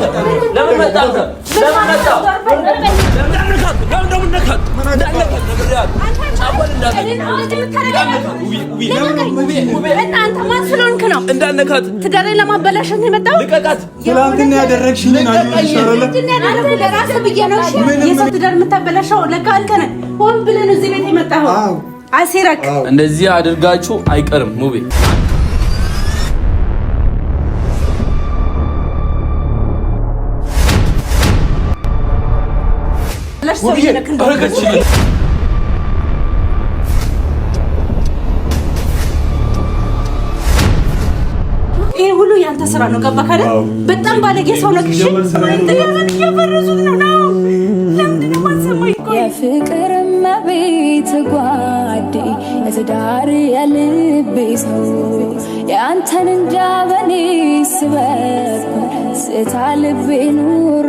መጣ? ለምን መጣ? ለምን እንዳነካት? ትዳሬን ለማበላሸት ነው የመጣው። ትናንትና ያደረግሽኝን ለራስህ ብዬ ነው። የሰው ትዳር የምታበላሸው ለካ አንተ ነህ። ሆን ብለን እዚህ ቤት የመጣኸው አሴረክ። እንደዚህ አድርጋችሁ አይቀርም ሙቤ ይህ ሁሉ ያንተ ስራ ነው። ገባ ካለ በጣም ባለጌ ሰው ነው። እያበረዙት የፍቅር መቤት ጓዴ የትዳር የልቤ ሰው የአንተን እንጃ በኔ ስበብ ስታ ልቤ ኑረ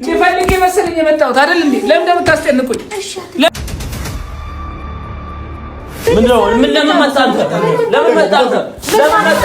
እንዴ ፈልጌ መሰለኝ የመጣሁት አይደል እንዴ? ለምን እንደምታስጨንቁኝ? ምን ነው ምን ለምን መጣ ለምን መጣ ለምን መጣ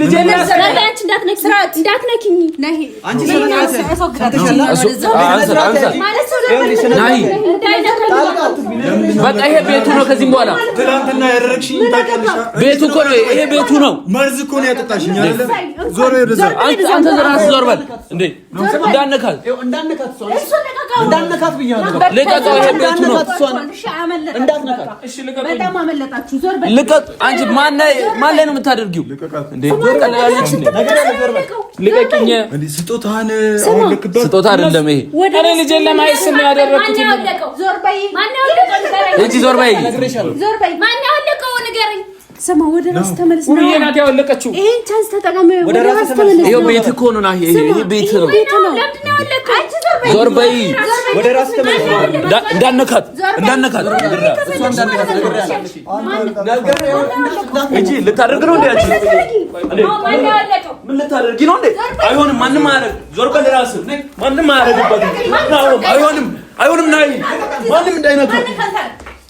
እንዳትነኪኝ በቃ ይሄ ቤቱ ነው። ከዚህም በኋላ ቤቱ እኮ ነው። ይሄ ቤቱ ነው። መርዝ እኮ ነው ያጠጣሽኝ። ዞር አንተ በል እንዴ! እንዳነካት ብያለሁ። ልቀቀው። ይሄ ቤቱ ነው። ልቀቅ። አንቺ ማን ላይ ነው የምታደርጊው? ልቀቅኝ። ስጦታ አይደለም ይሄ። እኔ ልጄን ለማየት ስም ያደረግኩት እንጂ ዞር በይ ዞር በይ። ማን ያወለቀው ንገረኝ። ስማ፣ ወደ ራስ ተመለስ። ሁሉዬ ናት ያወለቀችው። ይሄን ቻንስ ተጠቀም። ወደ ራስ ተመለስ። ይሄ ቤት እኮ ነው። ናሂ፣ ይሄ ቤት ነው። ዞር በይ። ወደ ራስ ተመለስ። እንዳነካት እንዳነካት። እንጂ ልታደርግ ነው እንዴ? አንቺ ምን ልታደርጊ ነው እንዴ? አይሆንም። ማንም አያደርግ። ዞር በል። ራስ ማንም አያደርግበት። አይሆንም፣ አይሆንም። ናይ ማንም እንዳይነካ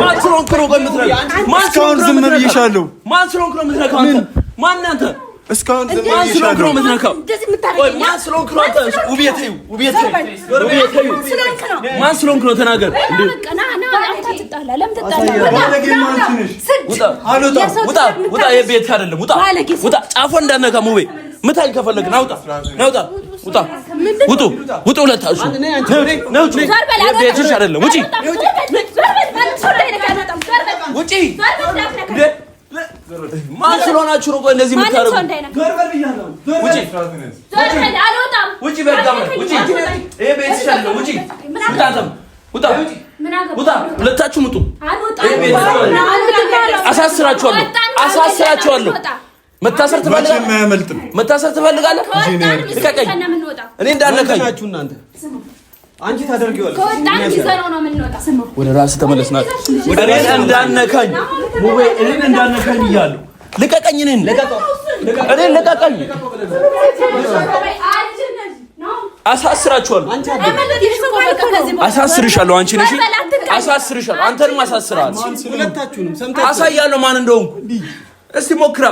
ማን ስለሆንክ ነው የምትነካው? ማን ስለሆንክ ነው የምትነካው? ማን ስለሆንክ ነው የምትነካው? ማን አንተ? እስካሁን ዝም ብዬሽ ማን ስለሆንክ ነው የምትነካው? ማን ስለሆንክ ነው አንተ? ውብዬ ተይው፣ ውብዬ ተይው፣ ማን ስለሆንክ ነው ተናገር። ውጣ፣ ውጣ፣ የቤት አይደለም። ውጣ፣ ውጣ፣ ጫፎን እንዳነካ ውቤ ምታኝ ከፈለግ ናውጣ፣ ውጣ ውጡ፣ ውጡ። ሁለታችሁ ነው ነው ቤትሽ አይደለም ውጪ ውጪ ማን ስለሆናችሁ ነው እንደዚህ የምታደርጉ? ምጡ አሳስራችኋለሁ! አሳስራችኋለሁ! መታሰር ትፈልጋለህ? መታሰር ትፈልጋለህ? እኔ እንዳለቀኝ አንቺ ታደርጊዋለሽ። ከወጣን ይዘነው ነው የምንወጣው። ወደ ራስ ተመለስ። ናት እኔን እንዳነካኝ ሙቤ፣ እኔን እንዳነካኝ እያለሁ ልቀቀኝ፣ እኔን እኔን ልቀቀኝ። አሳስራችኋለሁ፣ አሳስርሻለሁ። አንቺ ነሽ አሳስርሻለሁ፣ አንተንም አሳስርሃል። አሳያለሁ ማን እንደሆንኩ። እስቲ ሞክራ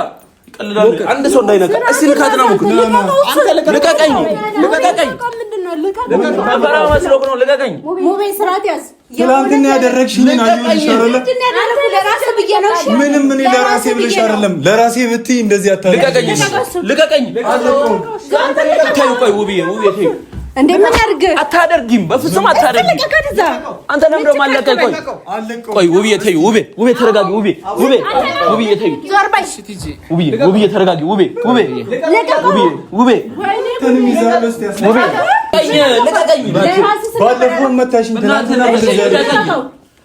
አንድ ሰው እንዳይነካ እስቲ ልካት ነው ልቀቀኝ ልቀቀኝ። ምንም እኔ ለራሴ ብለሽ አይደለም ለራሴ ብትይ እንደዚህ አታልቅም። ልቀቀኝ፣ ልቀቀኝ። እንዴ ምን አድርግ? አታደርጊም፣ በፍጹም አታደርጊም። አንተ ለምዶ ማለቀ። ቆይ ቆይ፣ ውብዬ ተይው፣ ውቤ ውቤ ተረጋጊ፣ ውቤ ውብዬ ተይው፣ ውብዬ ውብዬ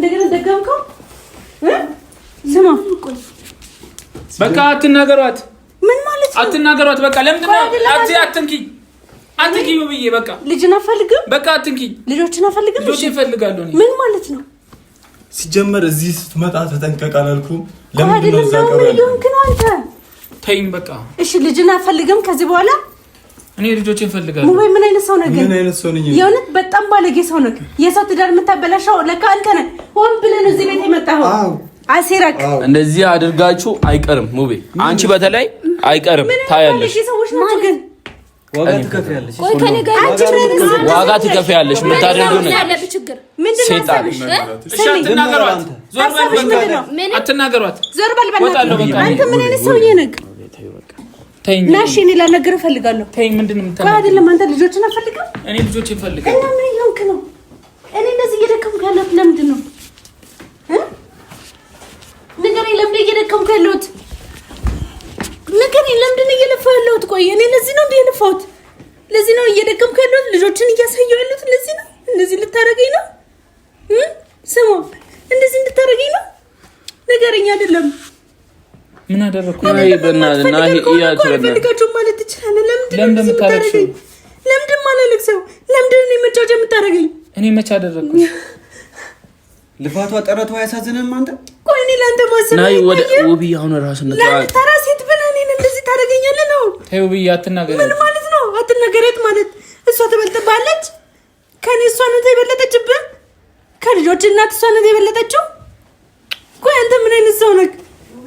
እንደገና ደገምከው። ስማ በቃ አትናገሯት። ምን ማለት ነው አትናገሯት? በቃ ለምንድን ነው አትንኪ አትንኪ ብዬ በቃ ልጅን አፈልግም። በቃ አትንኪ። ልጆችን አፈልግም። ልጆችን እፈልጋለሁ። ምን ማለት ነው? ሲጀመር እዚህ ስትመጣ ተጠንቀቅ አላልኩም? ለምንድን ነው እዛ ቀረ? ተይኝ በቃ እሺ። ልጅን አፈልግም ከዚህ በኋላ እኔ ልጆች እንፈልጋለሁ። ወይ? ምን አይነት ሰው ነህ ግን? የእውነት በጣም ባለጌ ሰው ነህ። የሰው ትዳር የምታበላሸው ለካ አንተ ነህ። ሆን ብለን እዚህ ቤት የመጣኸው አሴረክ። እንደዚህ አድርጋችሁ አይቀርም ሙቤ፣ አንቺ በተለይ አይቀርም። ታያለሽ፣ ዋጋ ትከፍያለሽ። የምታደርጊው አትናገሯት። ዞር በል በል። አንተ ምን አይነት ሰውዬ ነህ? ናሽ እኔ ላልነገር እፈልጋለሁ። ተይኝ። ምንድን ነው የምታለው? አይደለም አንተ ልጆችን አፈልግም። እኔ ልጆችን እፈልጋለሁ። እና ምን እየሆንክ ነው? እኔ እንደዚህ እየደከምኩ ያለሁት ለምንድን ነው? ንገረኝ። ለምንድን እየደከምኩ ያለሁት? ንገረኝ። ለምንድን እየለፋሁ ያለሁት? ቆይ እኔ ለዚህ ነው እንደ የለፋሁት? ለዚህ ነው እየደከምኩ ያለሁት? ልጆችን እያሳየሁ ያለሁት ለዚህ ነው? እንደዚህ ልታደርገኝ ነው? ስማ፣ እንደዚህ እንድታደርገኝ ነው? ንገረኝ። አይደለም ምን አደረግኩ? ፈልጋቸው ማለት ትችላለህ። ለምንድን የምታደርገኝ? ለምንድን ማላለቅ ሰው ለምንድን እኔ መጫወቻ የምታደርገኝ? እኔ መቼ አደረግኩ? ልፋቷ ጥረቷ አያሳዝንም? አንተ ቆይ እኔ ለአንተ ማሰብ ወደ ውብዬ አሁን ራስነት ተራ ሴት ብለህ እኔን እንደዚህ ታደርገኛለህ ነው? ተይ ውብዬ አትናገሪያት። ምን ማለት ነው አትናገሪያት ማለት? እሷ ትበልጥብሃለች ከኔ? እሷ ናት የበለጠችብህ። ከልጆች እናት እሷ ናት የበለጠችው። ቆይ አንተ ምን አይነት ሰው ነህ?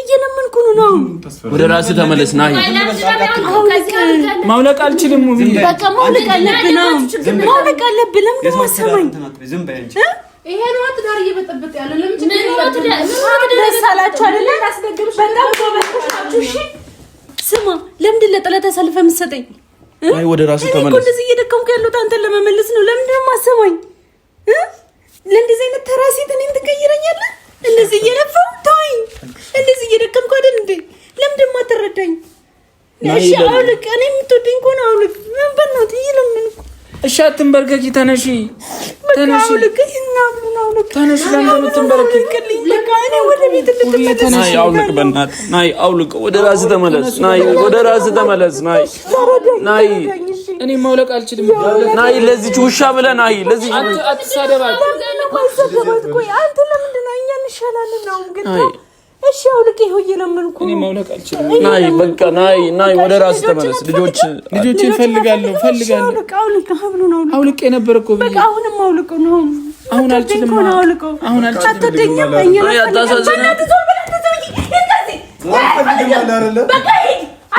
እየለመንኩን ነው። ወደ ራስህ ተመለስ። ና ማውለቅ አልችልም። በቃ ማውለቅ ነው ማውለቅ አለብህ። ለምን ማሰማኝ? ደስ አላችሁ አይደለ? በጣም ጎበዛችሁ። ስማ፣ ለምንድን ለጠላት አሳልፈ የምትሰጠኝ? አይ ወደ ራሱ ተመለስ። እንደዚህ እየደከምኩ ያለሁት አንተን ለመመለስ ነው። ለምንድን ነው የማሰማኝ? ለእንደዚህ አይነት ተራ ሴት እኔን ትቀይረኛለህ? እንደዚህ እየለፋው ተወኝ። እንደዚህ እየደከምኩ አይደል እንዴ? ለምን አትረዳኝ? እሺ አውልቅ። እኔ የምትወደኝ ከሆነ አውልቅ። ምን በእናትህ ይለምን። እሺ አትንበርከኪ። ተነሺ፣ ተነሺ፣ ናይ አውልቅ። ወደ ራስህ ተመለስ። ናይ ወደ ራስህ ተመለስ። ናይ ናይ እኔ ማውለቅ አልችልም። ናይ ለዚች ውሻ ብለህ ናይ ለዚች ይሻላል። እናውም ግን እሺ አውልቅ። ይኸው እየለመንኩ ናይ፣ በቃ ናይ፣ ናይ ወደ ራስ ተመለስ። ልጆች ልጆች ፈልጋለሁ፣ ፈልጋለሁ። አውልቅ የነበረ እኮ በቃ አሁንም አውልቅ ነው። አሁን አልችልም፣ አሁን አልችልም።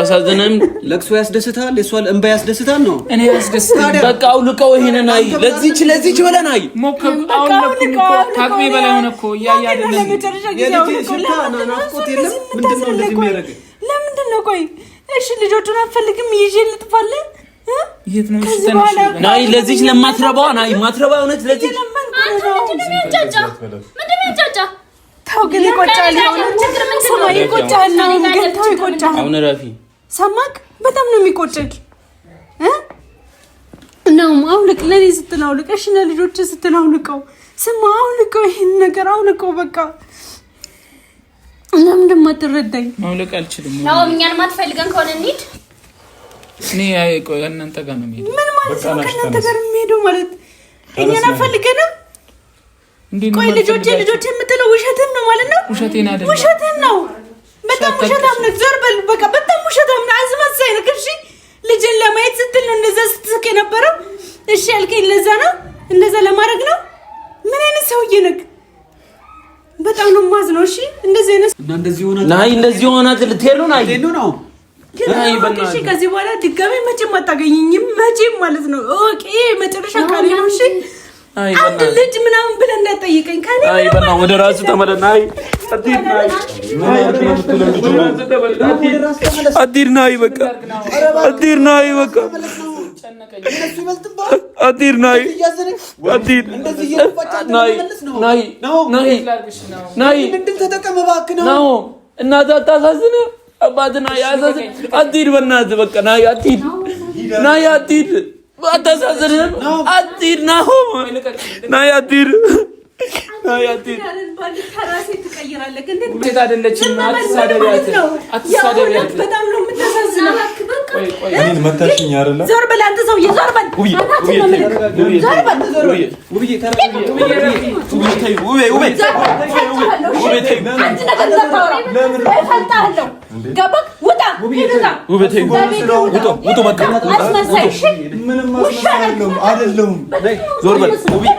አታሳዝንም? ለቅሶ ያስደስታል፣ የሷ እንባ ያስደስታል ነው። እኔ ያስደስታል። በቃ አውልቀው ይሄንን። አይ ለዚች ለዚች ብለን አይ ሞከብ ከአቅሜ በላይ ሆነ እኮ ለምንድን ነው? ቆይ እሺ ልጆቹን አትፈልግም? ይዤ ልጥፋለን። ናይ ለዚች ለማትረባ ናይ ማትረባ የሆነች ለዚች ተው ግን ይቆጫል። ይቆጫል። አሁን ረፊ ሰማክ? በጣም ነው የሚቆጨኝ። እናውም አውልቅ፣ ለኔ ስትል አውልቅ፣ እሺ ለልጆች ስትል አውልቀው። ስማ አውልቀው፣ ይህን ነገር አውልቀው። በቃ ለምን እንደማትረዳኝ ማውለቅ አልችልም። አሁን እኛን ማትፈልገን ከሆነ እንሂድ። እኔ ከእናንተ ጋር ነው የምሄደው። ምን ማለት ነው ከእናንተ ጋር የምሄደው ማለት? እኛን አትፈልገንም? ቆይ ልጆቼ ልጆቼ የምትለው ውሸትን ነው ማለት ነው? ውሸቴን ነው በጣም ውሸታም ነው። ዞር በሉ በቃ። በጣም ውሸታም ነው። አስመሳይ ነው። እሺ ልጅን ለማየት ስትል ነው እንደዛ ስትስቅ የነበረው። እሺ ያልከኝ ለዛ ነው፣ እንደዛ ለማድረግ ነው። ምን አይነት ሰውዬ ነህ? በጣም ነው የማዝነው። እሺ እንደዚህ አይነት ናይ እንደዚህ ሆናት ልትሄድ ነው። ናይ ነው እሺ። ከዚህ በኋላ ድጋሜ መቼም አታገኝኝም መቼም ማለት ነው። ኦኬ መጨረሻ ካለ እሺ አንድ ልጅ ምናምን ብለህ እንዳትጠይቀኝ። አይ በእናትህ ወደ ራስህ ተመለስ። አይ አዲር ና፣ አይ በቃ አዲር ና፣ አይ በቃ አዲር ና፣ አዲር ና። እናትህ አታሳዝንህ፣ አባትህ ና፣ አዲር በእናትህ በቃ ና፣ አዲር ና፣ አዲር አታሳዝንም። አትሂድ ና ና ያትሂድ ሰው ገባክ? ውጣ ውበቴ፣ ውጡ ውጡ፣ በቃ አስመሳይ ውሻ አይደለሁም። ዞር በል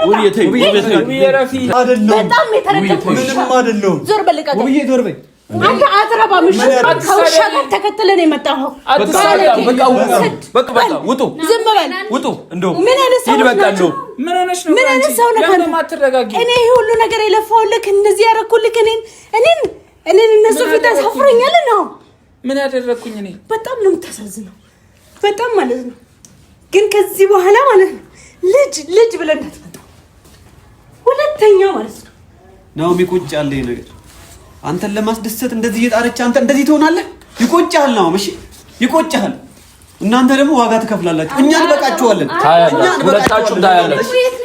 ውብዬ፣ ተይው ዞር በል ውብዬ፣ ዞር በይ አንተ አትረባም። እሺ ከውሻ ጋር ተከትለን የመጣኸው ሰው ናቸው? እኔ ይሄ ሁሉ ነገር የለፋሁልህ እነዚህ ያደረኩልህ እኔን እኔን እኔን እነሱ ፊት ያሳፍረኛል ነው። ምን ያደረግኩኝ እኔ? በጣም ነው የምታሳዝነው፣ በጣም ማለት ነው። ግን ከዚህ በኋላ ማለት ነው ልጅ ልጅ ብለን እንዳትመጣ ሁለተኛ ማለት ነው። ናሆም ይቆጫል ይሄ ነገር። አንተን ለማስደሰት እንደዚህ እየጣረች አንተ እንደዚህ ትሆናለህ። ነው እሺ፣ እናንተ ደግሞ ዋጋ ትከፍላላችሁ። እኛ እንበቃችኋለን፣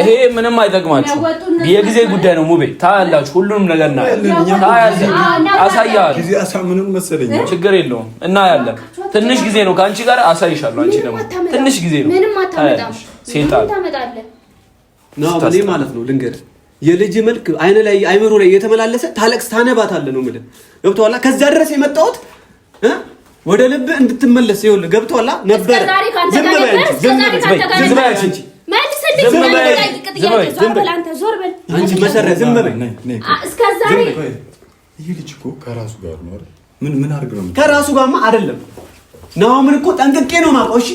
ይሄ ምንም አይጠቅማችሁ፣ የጊዜ ጉዳይ ነው። ሙቤ ታያላችሁ፣ ሁሉንም ነገር እናያለን ችግር የለውም እና ትንሽ ጊዜ ነው ከአንቺ ጋር አሳይሻለሁ። አንቺ ደግሞ ትንሽ ጊዜ ነው ማለት ነው። ልንገርህ የልጅ መልክ አይነ ላይ አይምሮ ላይ እየተመላለሰ ታለቅስ ታነባታለህ ነው የምልህ። ገብቶሃል? ከዛ ድረስ የመጣሁት ወደ ልብ እንድትመለስ ይሁን ገብቶሃል ነበር። ዝም ከራሱ ጋር ነው ምን ምን አድርግ ነው? ከራሱ ጋርማ አይደለም። ናሆምን እኮ ጠንቅቄ ነው እሺ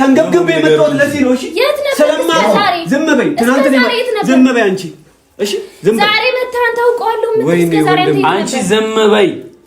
ተንገብግቤ የመጣሁት ለዚህ ነው። እሺ ስለማውቀው ዝም በይ። ትናንት ዝም በይ አንቺ። እሺ ዝም በይ። ዛሬ መታን ታውቀዋለሁ። አንቺ ዝም በይ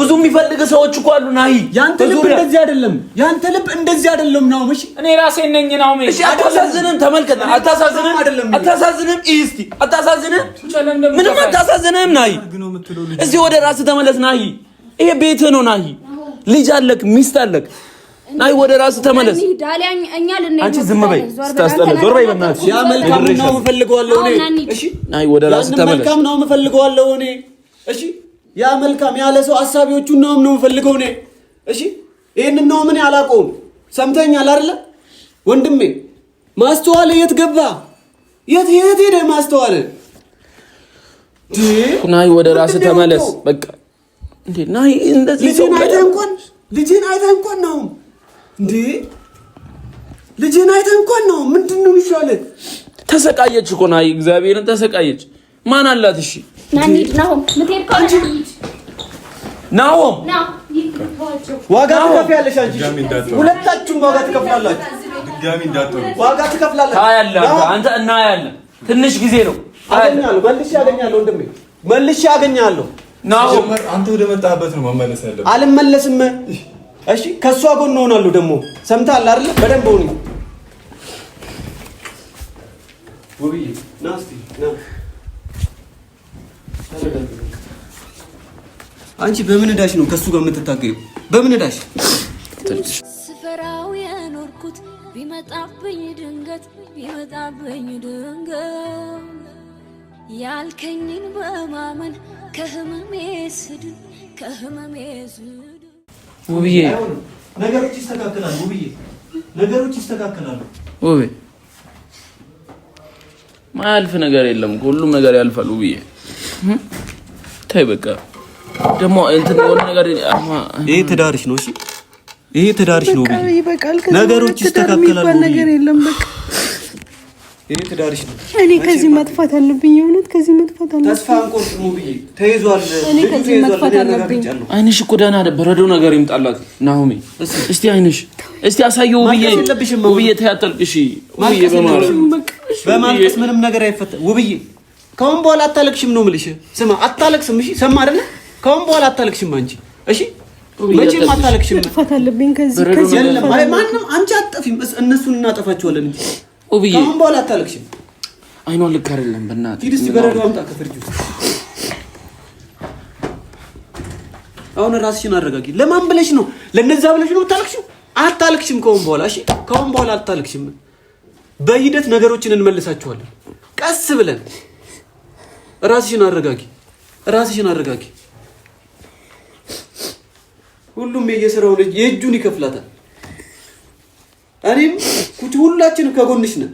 ብዙ የሚፈልግ ሰዎች እኮ አሉ። ናይ ያንተ ልብ እንደዚህ አይደለም። ያንተ ልብ እንደዚህ አይደለም ነው። እሺ እኔ ራሴ ነኝ ነው። እሺ አታሳዝንም። ተመልከት፣ አታሳዝንም። አይደለም፣ አታሳዝንም። እስቲ አታሳዝንም። ምንም አታሳዝንም። ናይ እዚህ ወደ ራስህ ተመለስ። ናይ ይሄ ቤት ነው። ናይ ልጅ አለክ፣ ሚስት አለክ። ናይ ወደ ራስ ተመለስ። አንቺ ዝም በይ። ስታስጠላ ዞር በይ። በእናትሽ ያ መልካም ነው አለው እኔ። እሺ ናይ ወደ ራስ ተመለስ። መልካም ነው አለው እኔ። እሺ ያ መልካም ያለ ሰው አሳቢዎቹን ነው ነው ፈልገው ነው። እሺ ይሄን ነው ምን ያላቀውም ሰምተኛል አይደለ ወንድሜ? ማስተዋል የት ገባ? የት የት ሄደ ማስተዋል? ናይ ወደ ራስ ተመለስ። በቃ እንዴ ናይ እንደዚህ ልጅን አይተህ እንኳን ልጅን አይተህ እንኳን ነው እንዴ ልጅን አይተህ እንኳን ነው ምንድነው የሚሻለ? ተሰቃየች እኮ ናይ እግዚአብሔርን ተሰቃየች። ማን አላት? እሺ ናሆም ዋጋ ትከፍያለሽ። ሁለታችሁም ዋጋ ትከፍላላችሁ። እናያለን። ትንሽ ጊዜ ነው። መልሼ አገኛለሁ፣ ወንድሜ መልሼ አገኛለሁ። አንተ ወደ መጣህበት ነው መመለስ ያለብህ። አልመለስም። እሺ፣ ከእሷ ጎን እሆናለሁ። ደግሞ ሰምተሃል አይደለ? በደንብ ሆኜ አንቺ በምን እዳሽ ነው ከሱ ጋር የምትታገዩ? በምን እዳሽ ስፈራው የኖርኩት ቢመጣብኝ ድንገት ቢመጣብኝ ድንገት ያልከኝን በማመን ከህመሜ ስድን ከህመሜ ስድን። ውብዬ ነገሮች ይስተካከላሉ። ውብዬ ነገሮች ይስተካከላሉ። ውብ ማያልፍ ነገር የለም። ሁሉም ነገር ያልፋል ውብዬ ተይ በቃ ደግሞ እንትን የሆነ ነገር ይሄ ትዳርሽ ነው። እሺ ይሄ ትዳርሽ ነው። ነገሮች ይስተካከላሉ። ነገር የለም በቃ ይሄ ትዳርሽ ነው። እኔ ከዚህ መጥፋት አለብኝ። እውነት ከዚህ መጥፋት አለብኝ። ተስፋ አንቆርጥም ብዬ ተይዟል። እኔ ከዚህ መጥፋት አለብኝ። አይንሽ እኮ ደህና በረዶ ነገር ይምጣላት ናሆሜ። እስቲ አይንሽ እስቲ አሳየው ብዬ ብዬ ተያጠልቅሽ ውብዬ፣ በማለት በማልቀስ ምንም ነገር አይፈታ ውብዬ ከአሁን በኋላ አታለቅሽም ነው የምልሽ። ስማ አታለቅስም። እሺ ሰማ አይደለ? ከአሁን በኋላ አታለቅሽም አንቺ። እሺ መቼም አታለቅሽም። ጥፋት አለብኝ ከዚህ ከዚህ ማለት ማንም አንቺ አትጠፊም። እነሱን እናጠፋቸዋለን እንጂ ከአሁን በኋላ አታለቅሽም። አይኗ ልክ አይደለም። በእናትህ ሂድ እስኪ በረዶ አምጣ ከፍርጅ ውስጥ። አሁን ራስሽን አረጋጊ። ለማን ብለሽ ነው? ለነዛ ብለሽ ነው የምታለቅሽው? አታለቅሽም ከአሁን በኋላ እሺ። ከአሁን በኋላ አታለቅሽም። በሂደት ነገሮችን እንመልሳቸዋለን ቀስ ብለን ራስሽን አረጋጊ፣ ራስሽን አረጋጊ። ሁሉም ልጅ የእጁን ይከፍላታል። እኔም ኩት ሁላችንም ከጎንሽ ነን።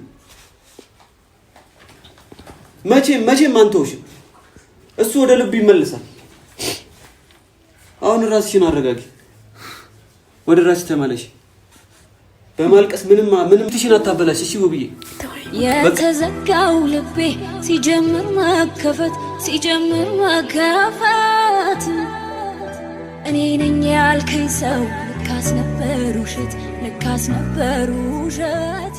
መቼም መቼም አንተውሽም። እሱ ወደ ልብ ይመልሳል። አሁን ራስሽን አረጋጊ፣ ወደ ራስሽ ተመለሽ። በማልቀስ ምንም ምንም ትሽን አታበላሽ። እሺ ውብዬ የተዘጋው ልቤ ሲጀምር መከፈት ሲጀምር መከፈት እኔ ነኝ ያልከኝ ሰው ልካስ ነበር ውሸት ልካስ ነበር ውሸት